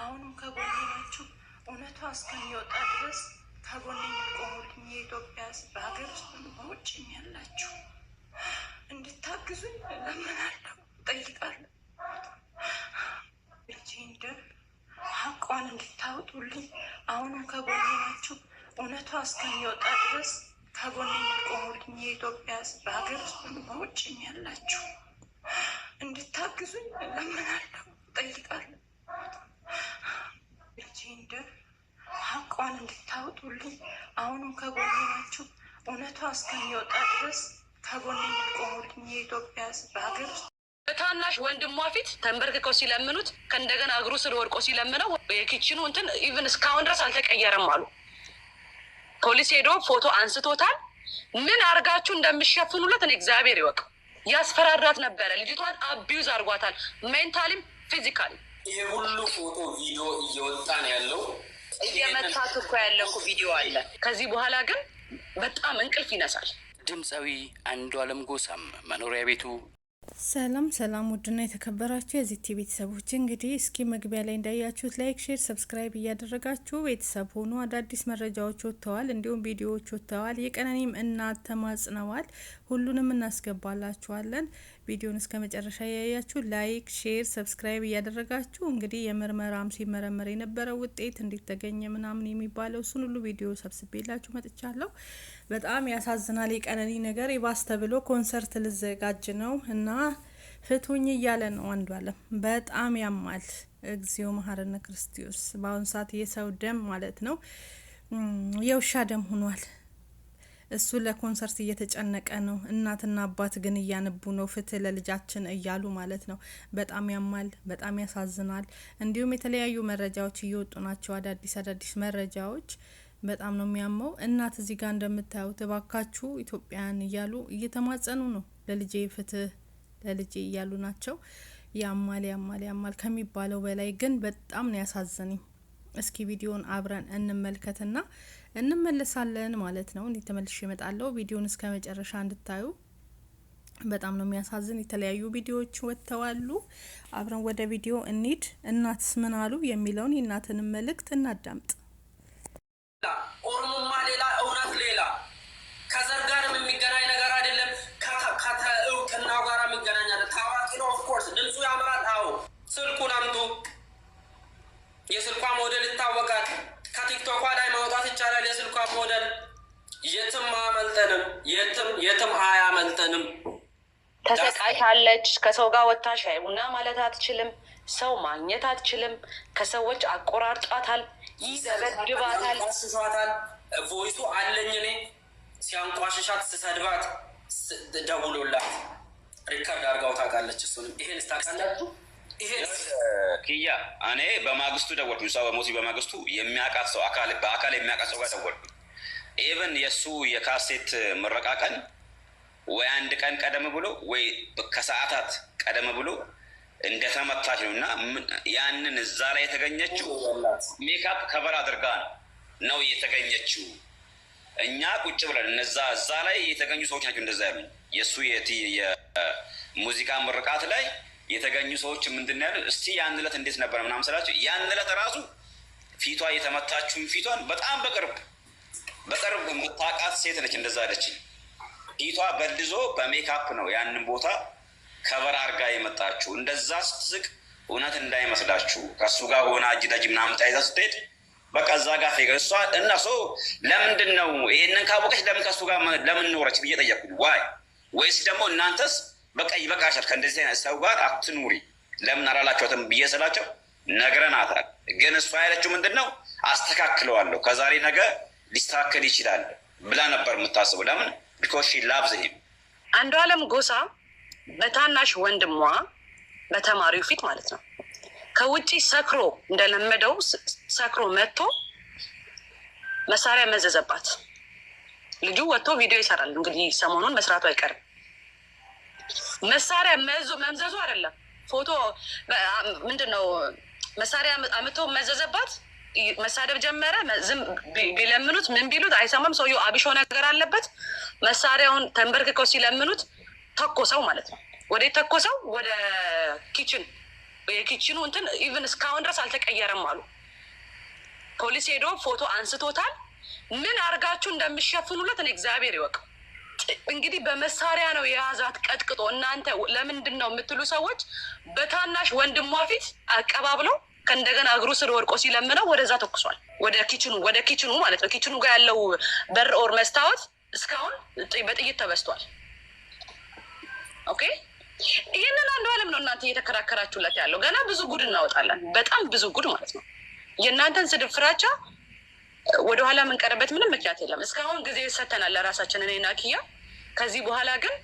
አሁንም ከጎኔ ናችሁ። እውነቷ እስከሚወጣ ድረስ ከጎኔ የምትቆሙልኝ የኢትዮጵያ ሕዝብ በሀገር ውስጥ በውጭ ያላችሁ እንድታግዙኝ እለምናለሁ፣ እጠይቃለሁ። ልጄ ደም ሀቋን እንድታወጡልኝ አሁንም ከጎኔ ናችሁ። እውነቷ እስከሚወጣ ድረስ ከጎኔ የምትቆሙልኝ የኢትዮጵያ ሕዝብ በሀገር ውስጥ በውጭ ያላችሁ እንድታግዙኝ እለምናለሁ፣ እጠይቃለሁ። ልጄን ደም ሀቋን እንድታወጡልኝ አሁንም ከጎኔ ናችሁ። እውነቷ እስከሚወጣ ድረስ ከጎኔ እንድትቆሙልኝ የኢትዮጵያ ሕዝብ በሀገር ውስጥ በታናሽ ወንድሟ ፊት ተንበርክከው ሲለምኑት ከእንደገና እግሩ ስር ወድቆ ሲለምነው የኪችኑ እንትን ኢቭን እስካሁን ድረስ አልተቀየረም አሉ። ፖሊስ ሄዶ ፎቶ አንስቶታል። ምን አርጋችሁ እንደምሸፍኑለት እኔ እግዚአብሔር ይወቅ። ያስፈራራት ነበረ። ልጅቷን አቢዩዝ አርጓታል፣ ሜንታሊም ፊዚካሊ ይሄ ሁሉ ፎቶ ቪዲዮ እየወጣ ነው ያለው። እየመታት እኮ ያለ እኮ ቪዲዮ አለ። ከዚህ በኋላ ግን በጣም እንቅልፍ ይነሳል። ድምፃዊ አለም ጎሳም መኖሪያ ቤቱ ሰላም ሰላም ውድና የተከበራችሁ የዚህ ቲቪ ቤተሰቦች እንግዲህ እስኪ መግቢያ ላይ እንዳያችሁት ላይክ፣ ሼር፣ ሰብስክራይብ እያደረጋችሁ ቤተሰብ ሆኑ። አዳዲስ መረጃዎች ወጥተዋል፣ እንዲሁም ቪዲዮዎች ወጥተዋል። የቀነኒም እናት ተማጽነዋል። ሁሉንም እናስገባላችኋለን። ቪዲዮን እስከ መጨረሻ ያያችሁ ላይክ፣ ሼር፣ ሰብስክራይብ እያደረጋችሁ እንግዲህ የምርመራም ሲመረመር የነበረው ውጤት እንዴት ተገኘ ምናምን የሚባለው እሱን ሁሉ ቪዲዮ ሰብስቤላችሁ መጥቻለሁ። በጣም ያሳዝናል። የቀነኒ ነገር የባስ ተብሎ ኮንሰርት ልዘጋጅ ነው እና ፍቱኝ እያለ ነው አንዱ አለም በጣም ያማል። እግዚኦ መሐረነ ክርስቶስ። በአሁኑ ሰዓት የሰው ደም ማለት ነው የውሻ ደም ሆኗል። እሱ ለኮንሰርት እየተጨነቀ ነው። እናትና አባት ግን እያነቡ ነው፣ ፍትህ ለልጃችን እያሉ ማለት ነው። በጣም ያማል፣ በጣም ያሳዝናል። እንዲሁም የተለያዩ መረጃዎች እየወጡ ናቸው፣ አዳዲስ አዳዲስ መረጃዎች በጣም ነው የሚያመው። እናት እዚህ ጋር እንደምታዩት እባካችሁ ኢትዮጵያን እያሉ እየተማጸኑ ነው። ለልጄ ፍትህ ለልጄ እያሉ ናቸው። ያማል ያማል ያማል ከሚባለው በላይ ግን በጣም ነው ያሳዘነኝ። እስኪ ቪዲዮን አብረን እንመልከትና እንመለሳለን ማለት ነው። እንዴት ተመልሼ እመጣለሁ። ቪዲዮን እስከ መጨረሻ እንድታዩ በጣም ነው የሚያሳዝን። የተለያዩ ቪዲዮዎች ወጥተዋሉ። አብረን ወደ ቪዲዮ እንሂድ። እናትስ ምን አሉ የሚለውን የእናትንም መልእክት እናዳምጥ። ኦሮሞማ ሌላ እውነት ሌላ ከዘር ጋርም የሚገናኝ ነገር አይደለም። ከእውቅና ጋር የሚገናኝ አለ። ታዋቂ ነው። ኦፍኮርስ ድምፁ ያምራል። አዎ ስልኩን አምጡ። የስልኳ ሞዴል ይታወቃል። ከቲክቶኳ ላይ ማውጣት ይቻላል። የስልኳ ሞዴል የትም አያመልጠንም፣ የትም የትም አያመልጠንም። ተሰቃይታለች። ከሰው ጋር ወታሽ ቡና ማለት አትችልም። ሰው ማግኘት አትችልም። ከሰዎች አቆራርጧታል። ይዘበድባታል፣ ያስሸዋታል። ቮይሱ አለኝ እኔ ሲያንቋሽሻት ስሰድባት ደውሎላት ሪከርድ አድርጋው ታውቃለች። እሱንም ይሄን ስታውቃላችሁ። ኪያ እኔ በማግስቱ ደወልኩኝ። እሷ በሞት በማግስቱ የሚያውቃት ሰው በአካል የሚያውቃት ሰው ጋር ደወልኩኝ። ኢቨን የእሱ የካሴት ምረቃ ቀን ወይ አንድ ቀን ቀደም ብሎ ወይ ከሰዓታት ቀደም ብሎ እንደተመታች ነው እና ያንን እዛ ላይ የተገኘችው ሜካፕ ከበር አድርጋ ነው ነው የተገኘችው። እኛ ቁጭ ብለን እነዛ እዛ ላይ የተገኙ ሰዎች ናቸው እንደዛ ያሉ የእሱ የሙዚቃ ምርቃት ላይ የተገኙ ሰዎች ምንድን ያሉ እስቲ ያን እለት እንዴት ነበረ ምናምን ስላቸው ያን እለት ራሱ ፊቷ የተመታችውን ፊቷን በጣም በቅርብ በቅርብ የምታውቃት ሴት ነች እንደዛ ያለችኝ። ፊቷ በልዞ በሜካፕ ነው ያንን ቦታ ከበር አርጋ የመጣችሁ እንደዛ ስትስቅ እውነት እንዳይመስላችሁ ከእሱ ጋር ሆነ እጅ ለእጅ ምናምን ተያይዛ ስትሄድ በቃ እዛ ጋር ፌገ እሷ እነሱ ለምንድን ነው ይህንን ካወቀች ለምን ከሱ ጋር ለምን ኖረች ብዬ ጠየቅኩኝ። ዋይ ወይስ ደግሞ እናንተስ በቃ ይበቃሻል ከእንደዚህ አይነት ሰው ጋር አትኑሪ ለምን አላላቸውትም ብዬ ስላቸው ነግረናታል። ግን እሷ ያለችው ምንድን ነው አስተካክለዋለሁ ከዛሬ ነገ ሊስተካከል ይችላል ብላ ነበር የምታስበው። ለምን ቢኮሽ ላብዝ አንዱ አለም ጎሳ በታናሽ ወንድሟ በተማሪው ፊት ማለት ነው ከውጭ ሰክሮ እንደለመደው ሰክሮ መጥቶ መሳሪያ መዘዘባት። ልጁ ወጥቶ ቪዲዮ ይሰራል። እንግዲህ ሰሞኑን መስራቱ አይቀርም። መሳሪያ መዞ መምዘዙ አይደለም ፎቶ ምንድን ነው መሳሪያ አምቶ መዘዘባት። መሳደብ ጀመረ። ቢለምኑት ምን ቢሉት አይሰማም። ሰውየው አብሾ ነገር አለበት። መሳሪያውን ተንበርክከው ሲለምኑት ተኮሰው ማለት ነው። ወደ ተኮሰው ወደ ኪችን የኪችኑ እንትን ኢቨን እስካሁን ድረስ አልተቀየረም አሉ። ፖሊስ ሄዶ ፎቶ አንስቶታል። ምን አድርጋችሁ እንደሚሸፍኑለት እኔ እግዚአብሔር ይወቅ። እንግዲህ በመሳሪያ ነው የያዛት ቀጥቅጦ። እናንተ ለምንድን ነው የምትሉ ሰዎች በታናሽ ወንድሟ ፊት አቀባብለው ከእንደገና እግሩ ስር ወድቆ ሲለምነው ወደዛ ተኩሷል። ወደ ኪችኑ ወደ ኪችኑ ማለት ነው። ኪችኑ ጋር ያለው በር ኦር መስታወት እስካሁን በጥይት ተበስቷል። ኦኬ ይህንን አንዱ አለም ነው እናንተ እየተከራከራችሁለት ያለው። ገና ብዙ ጉድ እናወጣለን፣ በጣም ብዙ ጉድ ማለት ነው። የእናንተን ስድብ ፍራቻ ወደኋላ የምንቀርበት ምንም ምክንያት የለም። እስካሁን ጊዜ ሰተናል ለራሳችን እኔና ኪያ። ከዚህ በኋላ ግን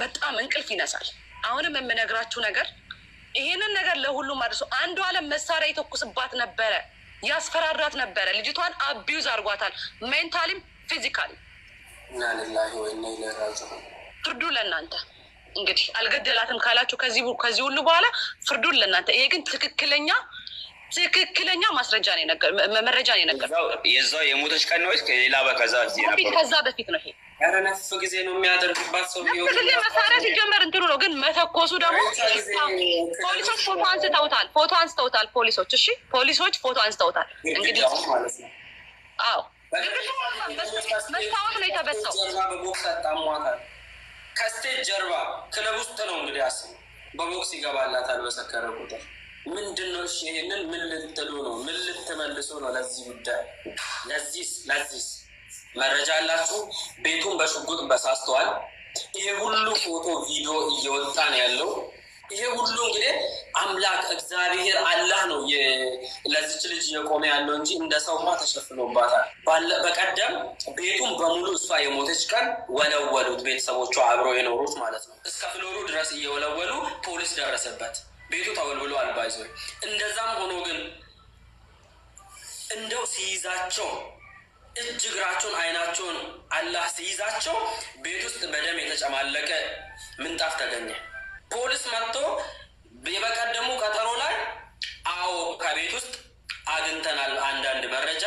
በጣም እንቅልፍ ይነሳል። አሁንም የምነግራችሁ ነገር ይህንን ነገር ለሁሉም አድርሶ አንዱ አለም መሳሪያ የተኩስባት ነበረ፣ ያስፈራራት ነበረ። ልጅቷን አቢዩዝ አድርጓታል፣ ሜንታሊም ፊዚካሊ። ፍርዱ ለእናንተ እንግዲህ አልገደላትም ካላችሁ ከዚህ ከዚህ ሁሉ በኋላ ፍርዱን ለእናንተ። ይሄ ግን ትክክለኛ ትክክለኛ ማስረጃ ነው መረጃ ነው የነገረው። የዛው የሞተች ቀን ነው ወይስ ከሌላ በከዛ ከዛ በፊት ነው? ይሄ ረነፍ ጊዜ ነው የሚያደርግባት ሰው ጊዜ መሳሪያ ሲጀመር እንትኑ ነው። ግን መተኮሱ ደግሞ ፖሊሶች ፎቶ አንስተውታል፣ ፎቶ አንስተውታል ፖሊሶች። እሺ ፖሊሶች ፎቶ አንስተውታል። እንግዲህ አዎ መስታወት ነው የተበሳው። ከስቴት ጀርባ ክለብ ውስጥ ነው እንግዲህ አስቡ። በቦክስ ይገባላታል በሰከረ ቁጥር ምንድን ነው እሺ? ይህንን ምን ልትሉ ነው? ምን ልትመልሱ ነው? ለዚህ ጉዳይ ለዚስ ለዚስ መረጃ አላችሁ? ቤቱን በሽጉጥ በሳስተዋል። ይሄ ሁሉ ፎቶ ቪዲዮ እየወጣ ነው ያለው። ይሄ ሁሉ እንግዲህ አምላክ እግዚአብሔር አላህ ነው ለዚች ልጅ የቆመ ያለው እንጂ እንደ ሰውማ ተሸፍኖባታል። በቀደም ቤቱን በሙሉ እሷ የሞተች ቀን ወለወሉት፣ ቤተሰቦቿ አብረው የኖሩት ማለት ነው። እስከ ፍሎሩ ድረስ እየወለወሉ ፖሊስ ደረሰበት። ቤቱ ተወልብሎ አልባይዞ። እንደዛም ሆኖ ግን እንደው ሲይዛቸው እጅ እግራቸውን አይናቸውን አላህ ሲይዛቸው ቤት ውስጥ በደም የተጨማለቀ ምንጣፍ ተገኘ። ፖሊስ መጥቶ የበቀደሙ ቀጠሮ ላይ አዎ ከቤት ውስጥ አግኝተናል፣ አንዳንድ መረጃ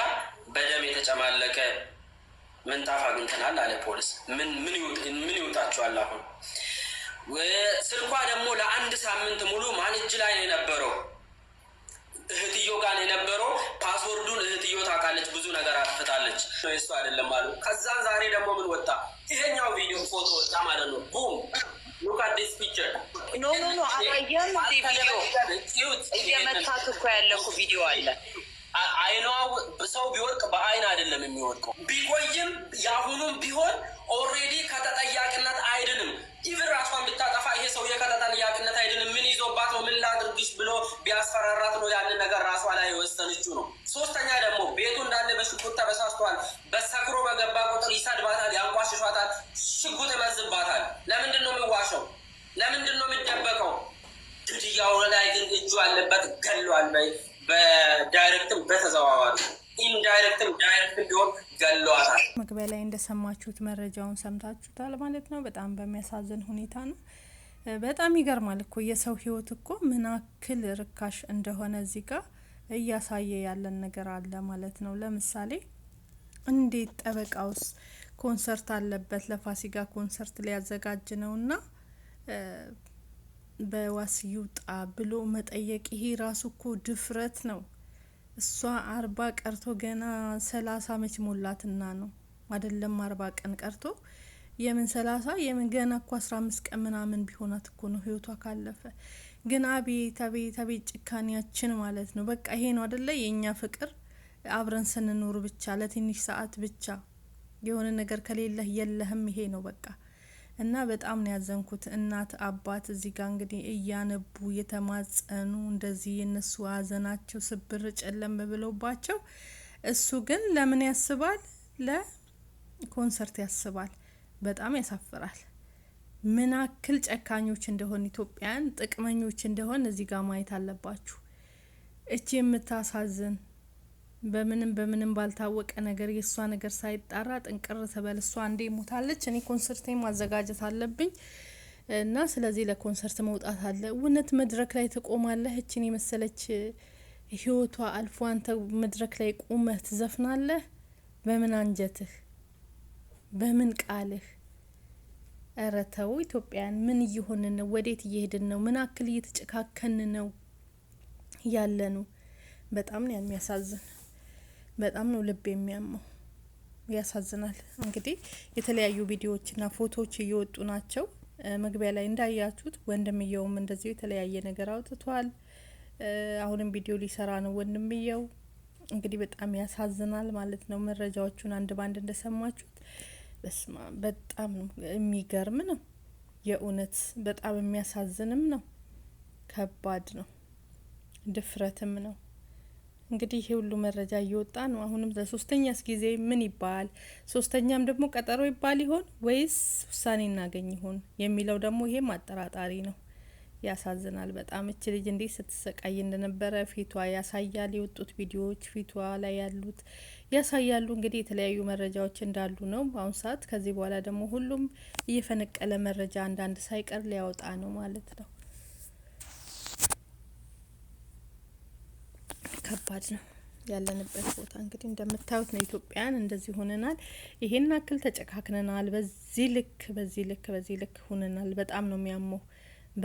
በደም የተጨማለቀ ምንጣፍ አግኝተናል አለ ፖሊስ። ምን ምን ይውጣችኋል? አሁን ስልኳ ደግሞ ለአንድ ሳምንት ሙሉ ማን እጅ ላይ ነው የነበረው? እህትዮ ጋር የነበረው። ፓስወርዱን እህትዮ ታውቃለች፣ ብዙ ነገር አትፍታለች። እሱ አይደለም አሉ። ከዛን ዛሬ ደግሞ ምን ወጣ? ይሄኛው ቪዲዮ ፎቶ ወጣ ማለት ነው ቡም እዚህ ቪዲዮ እየመታት እኮ ያለኩ ቪዲዮ አለ። አይኗ ሰው ቢወድቅ በአይን አይደለም የሚወድቀው። ቢቆይም የአሁኑም ቢሆን ኦሬዲ ከተጠያቂነት አይድንም። ኢቭን ራሷን ብታጠፋ ይሄ ሰውዬ ከተጠያቂነት አይድንም። ምን ይዞባት ነው? ምን ላድርግሽ ብሎ ቢያስፈራራት ነው ያንን ነገር ራሷ ላይ የወሰንችው ነው። ሶስተኛ ደግሞ ቤቱ እንዳለ በሽጉጥ ተበሳስቷል በሰክሮ በገባ ቁጥር ይሰድባታል፣ ያንቋሽሿታል፣ ሽጉጥ ይመዝባታል። ለምንድን ነው የሚዋሸው? ለምንድን ነው የሚደበቀው? ግድያው ላይ ግን እጁ አለበት፣ ገሏል። በዳይሬክትም በተዘዋዋሪ ኢንዳይሬክትም ዳይሬክት ቢሆን ገሏታል። መግቢያ ላይ እንደሰማችሁት መረጃውን ሰምታችሁታል ማለት ነው። በጣም በሚያሳዝን ሁኔታ ነው። በጣም ይገርማል እኮ የሰው ህይወት እኮ ምን ያክል ርካሽ እንደሆነ እዚህ ጋር እያሳየ ያለን ነገር አለ ማለት ነው። ለምሳሌ እንዴት ጠበቃውስ ኮንሰርት አለበት ለፋሲካ ኮንሰርት ሊያዘጋጅ ነው እና በዋስ ይውጣ ብሎ መጠየቅ ይሄ ራሱ እኮ ድፍረት ነው። እሷ አርባ ቀርቶ ገና ሰላሳ መች ሞላትና ነው አይደለም? አርባ ቀን ቀርቶ የምን ሰላሳ የምን ገና እኮ አስራ አምስት ቀን ምናምን ቢሆናት እኮ ነው ህይወቷ ካለፈ። ግን አቤት አቤት አቤት ጭካኔያችን ማለት ነው። በቃ ይሄ ነው አደለ የእኛ ፍቅር፣ አብረን ስንኖር ብቻ ለትንሽ ሰዓት ብቻ የሆነ ነገር ከሌለህ የለህም። ይሄ ነው በቃ እና በጣም ነው ያዘንኩት። እናት አባት እዚህ ጋር እንግዲህ እያነቡ የተማጸኑ እንደዚህ የነሱ ሀዘናቸው ስብር ጨለም ብለውባቸው፣ እሱ ግን ለምን ያስባል? ለኮንሰርት ያስባል። በጣም ያሳፍራል። ምን አክል ጨካኞች እንደሆን ኢትዮጵያን ጥቅመኞች እንደሆን እዚህ ጋር ማየት አለባችሁ። እቺ የምታሳዝን በምንም በምንም ባልታወቀ ነገር የእሷ ነገር ሳይጣራ ጥንቅር ትበል። እሷ አንዴ ሞታለች፣ እኔ ኮንሰርቴ ማዘጋጀት አለብኝ እና ስለዚህ ለኮንሰርት መውጣት አለ። እውነት መድረክ ላይ ትቆማለህ? እችን የመሰለች ህይወቷ አልፎ አንተ መድረክ ላይ ቁመህ ትዘፍናለህ? በምን አንጀትህ? በምን ቃልህ? እረ ተው ኢትዮጵያን፣ ምን እየሆንን ነው? ወዴት እየሄድን ነው? ምን አክል እየተጨካከን ነው ያለኑ? በጣም ነው የሚያሳዝን። በጣም ነው ልብ የሚያመው። ያሳዝናል። እንግዲህ የተለያዩ ቪዲዮዎችና ፎቶዎች እየወጡ ናቸው። መግቢያ ላይ እንዳያችሁት ወንድምየውም እንደዚሁ የተለያየ ነገር አውጥቷል። አሁንም ቪዲዮ ሊሰራ ነው ወንድምየው። እንግዲህ በጣም ያሳዝናል ማለት ነው። መረጃዎቹን አንድ ባንድ እንደሰማችሁት በስማ በጣም የሚገርም ነው። የእውነት በጣም የሚያሳዝንም ነው። ከባድ ነው። ድፍረትም ነው። እንግዲህ ይሄ ሁሉ መረጃ እየወጣ ነው። አሁንም ለሶስተኛ ጊዜ ምን ይባል? ሶስተኛም ደግሞ ቀጠሮ ይባል ይሆን ወይስ ውሳኔ እናገኝ ይሆን የሚለው ደግሞ ይሄም አጠራጣሪ ነው። ያሳዝናል በጣም እች ልጅ እንዴት ስትሰቃይ እንደነበረ ፊቷ ያሳያል። የወጡት ቪዲዮዎች ፊቷ ላይ ያሉት ያሳያሉ። እንግዲህ የተለያዩ መረጃዎች እንዳሉ ነው በአሁኑ ሰዓት። ከዚህ በኋላ ደግሞ ሁሉም እየፈነቀለ መረጃ አንዳንድ ሳይቀር ሊያወጣ ነው ማለት ነው። ከባድ ነው ያለንበት ቦታ እንግዲህ እንደምታዩት ነው። ኢትዮጵያን እንደዚህ ሆነናል። ይሄን አክል ተጨካክነናል። በዚህ ልክ በዚህ ልክ በዚህ ልክ ሆነናል። በጣም ነው የሚያመው።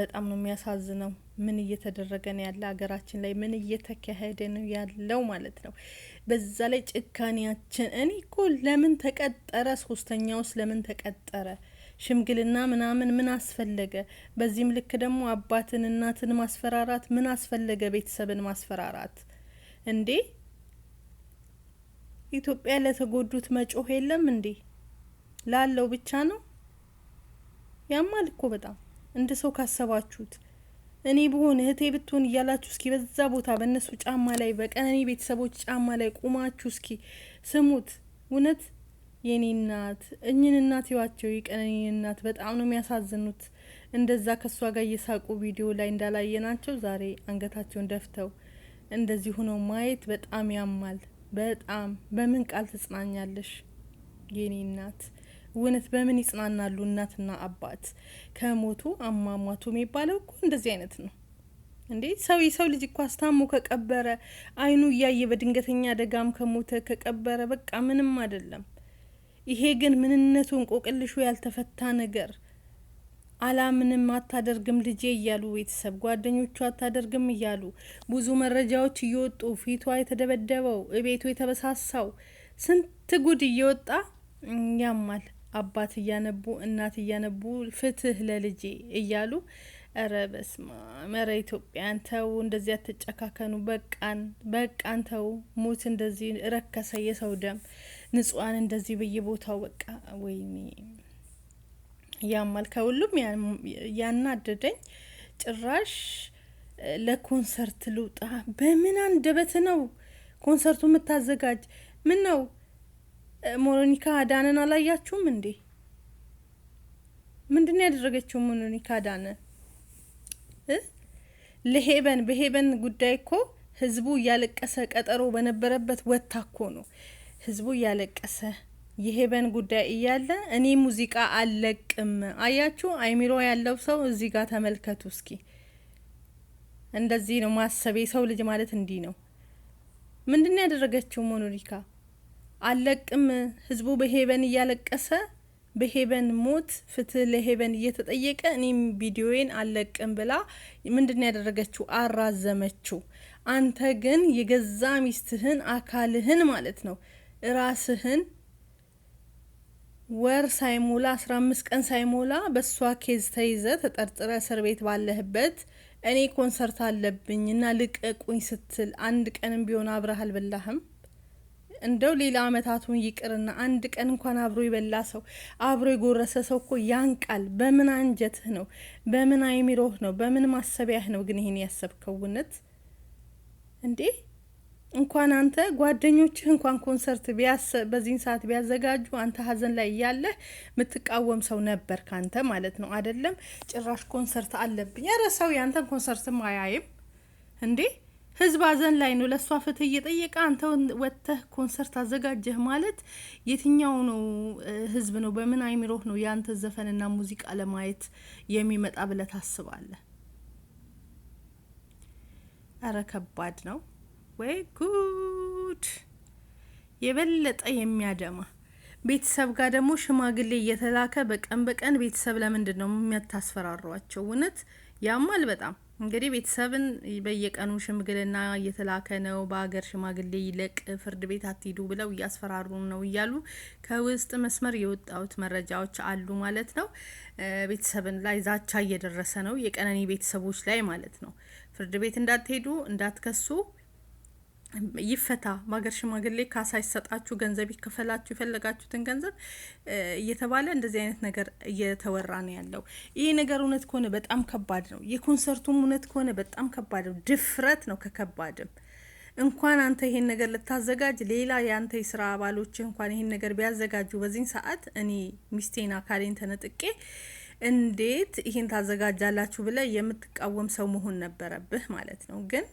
በጣም ነው የሚያሳዝነው። ምን እየተደረገ ነው ያለ ሀገራችን ላይ ምን እየተካሄደ ነው ያለው ማለት ነው። በዛ ላይ ጭካኔያችን። እኔ እኮ ለምን ተቀጠረ? ሶስተኛውስ ለምን ተቀጠረ? ሽምግልና ምናምን ምን አስፈለገ? በዚህም ልክ ደግሞ አባትን እናትን ማስፈራራት ምን አስፈለገ? ቤተሰብን ማስፈራራት እንዴ ኢትዮጵያ ለተጎዱት መጮህ የለም እንዴ? ላለው ብቻ ነው ያማል እኮ በጣም እንደ ሰው ካሰባችሁት እኔ ብሆን እህቴ ብትሆን እያላችሁ እስኪ በዛ ቦታ በእነሱ ጫማ ላይ በቀነኔ ቤተሰቦች ጫማ ላይ ቁማችሁ እስኪ ስሙት። እውነት የኔ እናት እኝን እናት ይዋቸው የቀነኔ እናት በጣም ነው የሚያሳዝኑት። እንደዛ ከእሷ ጋር እየሳቁ ቪዲዮ ላይ እንዳላየናቸው ዛሬ አንገታቸውን ደፍተው እንደዚህ ሆኖ ማየት በጣም ያማል። በጣም በምን ቃል ትጽናኛለሽ የኔ እናት? እውነት በምን ይጽናናሉ እናትና አባት? ከሞቱ አሟሟቱ የሚባለው እኮ እንደዚህ አይነት ነው እንዴ! ሰው የሰው ልጅ እኮ አስታሞ ከቀበረ አይኑ እያየ በድንገተኛ አደጋም ከሞተ ከቀበረ በቃ ምንም አይደለም። ይሄ ግን ምንነቱ እንቆቅልሹ ያልተፈታ ነገር አላምንም አታደርግም ልጄ እያሉ ቤተሰብ ጓደኞቹ አታደርግም እያሉ ብዙ መረጃዎች እየወጡ ፊቷ የተደበደበው እቤቱ የተበሳሳው ስንት ጉድ እየወጣ ያማል። አባት እያነቡ እናት እያነቡ ፍትህ ለልጄ እያሉ እረ በስማ መረ ኢትዮጵያን ተው፣ እንደዚህ አትጨካከኑ። በቃን በቃን ተው። ሞት እንደዚህ ረከሰ፣ የሰው ደም ንጹሐን እንደዚህ በየቦታው በቃ ወይኔ ያማል። ከሁሉም ያናደደኝ ጭራሽ ለኮንሰርት ልውጣ በምን አንደበት ነው ኮንሰርቱ የምታዘጋጅ? ምን ነው ሞሮኒካ ዳነን አላያችሁም እንዴ? ምንድን ነው ያደረገችው ሞሮኒካ አዳነ? ለሄበን? በሄበን ጉዳይ እኮ ህዝቡ እያለቀሰ ቀጠሮ በነበረበት ወታ እኮ ነው ህዝቡ እያለቀሰ የሄቨን ጉዳይ እያለ እኔ ሙዚቃ አልለቅም። አያችሁ አይሚሮ ያለው ሰው እዚህ ጋር ተመልከቱ እስኪ። እንደዚህ ነው ማሰብ። የሰው ልጅ ማለት እንዲህ ነው። ምንድን ነው ያደረገችው ሞኖሪካ? አልለቅም ህዝቡ በሄቨን እያለቀሰ በሄቨን ሞት ፍትህ ለሄቨን እየተጠየቀ እኔም ቪዲዮዬን አልለቅም ብላ ምንድን ያደረገችው አራዘመችው። አንተ ግን የገዛ ሚስትህን አካልህን ማለት ነው ራስህን ወር ሳይሞላ አስራ አምስት ቀን ሳይሞላ በእሷ ኬዝ ተይዘ ተጠርጥረ እስር ቤት ባለህበት እኔ ኮንሰርት አለብኝ እና ልቀቁኝ ስትል አንድ ቀንም ቢሆን አብረህ አልበላህም? እንደው ሌላ አመታቱን ይቅርና አንድ ቀን እንኳን አብሮ የበላ ሰው አብሮ የጎረሰ ሰው እኮ ያን ቃል በምን አንጀትህ ነው? በምን አይሚሮህ ነው? በምን ማሰቢያህ ነው ግን ይህን ያሰብከው? እውነት እንዴ! እንኳን አንተ ጓደኞችህ እንኳን ኮንሰርት ቢያስ በዚህን ሰዓት ቢያዘጋጁ አንተ ሀዘን ላይ እያለህ የምትቃወም ሰው ነበር ካንተ ማለት ነው አይደለም። ጭራሽ ኮንሰርት አለብኝ። ኧረ ሰው ያንተን ኮንሰርትም አያይም እንዴ! ህዝብ ሀዘን ላይ ነው፣ ለእሷ ፍትህ እየጠየቀ አንተ ወጥተህ ኮንሰርት አዘጋጀህ ማለት የትኛው ነው ህዝብ ነው? በምን አይምሮህ ነው ያንተ ዘፈንና ሙዚቃ ለማየት የሚመጣ ብለህ ታስባለህ? እረ ከባድ ነው። ወይ ጉድ! የበለጠ የሚያደማ ቤተሰብ ጋር ደግሞ ሽማግሌ እየተላከ በቀን በቀን ቤተሰብ ለምንድን ነው የሚያታስፈራሯቸው? እውነት ያማል በጣም። እንግዲህ ቤተሰብን በየቀኑ ሽምግልና እየተላከ ነው። በሀገር ሽማግሌ ይለቅ፣ ፍርድ ቤት አትሂዱ ብለው እያስፈራሩ ነው እያሉ ከውስጥ መስመር የወጣውት መረጃዎች አሉ ማለት ነው። ቤተሰብን ላይ ዛቻ እየደረሰ ነው፣ የቀነኒ ቤተሰቦች ላይ ማለት ነው። ፍርድ ቤት እንዳትሄዱ፣ እንዳትከሱ ይፈታ በሀገር ሽማግሌ ካሳ ይሰጣችሁ፣ ገንዘብ ይከፈላችሁ፣ የፈለጋችሁትን ገንዘብ እየተባለ እንደዚህ አይነት ነገር እየተወራ ነው ያለው። ይሄ ነገር እውነት ከሆነ በጣም ከባድ ነው። የኮንሰርቱም እውነት ከሆነ በጣም ከባድ ነው። ድፍረት ነው። ከከባድም እንኳን አንተ ይሄን ነገር ልታዘጋጅ ሌላ የአንተ የስራ አባሎች እንኳን ይሄን ነገር ቢያዘጋጁ በዚህን ሰዓት እኔ ሚስቴን አካሌን ተነጥቄ እንዴት ይህን ታዘጋጃላችሁ ብለ የምትቃወም ሰው መሆን ነበረብህ ማለት ነው። ግን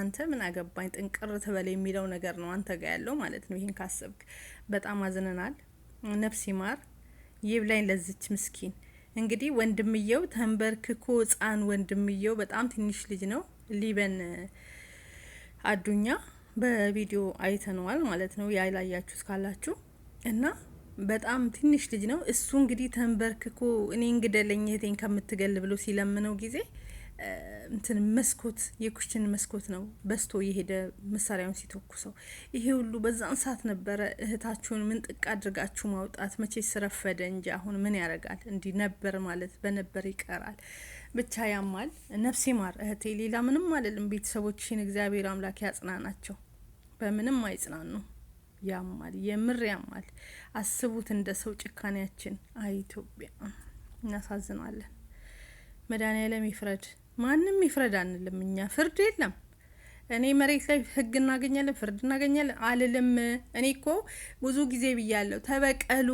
አንተ ምን አገባኝ ጥንቅር ትበለ የሚለው ነገር ነው አንተ ጋር ያለው ማለት ነው። ይህን ካሰብክ በጣም አዝነናል። ነፍስ ይማር ይብላኝ ለዝች ምስኪን። እንግዲህ ወንድምየው ተንበርክኮ ህፃን ወንድምየው በጣም ትንሽ ልጅ ነው ሊበን አዱኛ በቪዲዮ አይተነዋል ማለት ነው። ያላያችሁ ካላችሁ እና በጣም ትንሽ ልጅ ነው እሱ እንግዲህ ተንበርክኮ እኔ እንግደለኝ እህቴን ከምትገል ብሎ ሲለምነው ጊዜ እንትን መስኮት የኩሽን መስኮት ነው በስቶ የሄደ መሳሪያውን ሲተኩሰው፣ ይሄ ሁሉ በዛን ሰዓት ነበረ። እህታችሁን ምን ጥቅ አድርጋችሁ ማውጣት መቼ ስረፈደ እንጂ አሁን ምን ያደርጋል እንዲህ ነበር ማለት በነበር ይቀራል። ብቻ ያማል። ነፍሴ ማር እህቴ፣ ሌላ ምንም አለልም ቤተሰቦችን እግዚአብሔር አምላክ ያጽናናቸው። በምንም አይጽናኑ። ያማል፣ የምር ያማል። አስቡት እንደ ሰው ጭካኔያችን። አይ ኢትዮጵያ እናሳዝናለን። መድኃኒዓለም ይፍረድ፣ ማንም ይፍረድ አንልም እኛ። ፍርድ የለም። እኔ መሬት ላይ ህግ እናገኛለን ፍርድ እናገኛለን አልልም። እኔ እኮ ብዙ ጊዜ ብያለሁ፣ ተበቀሉ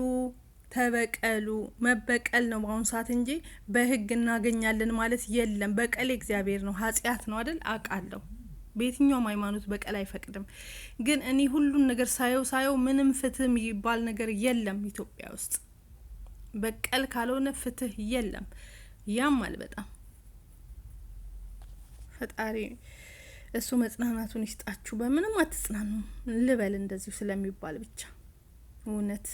ተበቀሉ መበቀል ነው በአሁኑ ሰዓት እንጂ በህግ እናገኛለን ማለት የለም። በቀል እግዚአብሔር ነው፣ ኃጢአት ነው አይደል? አውቃለሁ በየትኛውም ሃይማኖት በቀል አይፈቅድም። ግን እኔ ሁሉን ነገር ሳየው ሳየው ምንም ፍትህ የሚባል ነገር የለም ኢትዮጵያ ውስጥ በቀል ካልሆነ ፍትህ የለም። ያማል በጣም ፈጣሪ እሱ መጽናናቱን ይስጣችሁ። በምንም አትጽናኑ ልበል እንደዚሁ ስለሚባል ብቻ እውነት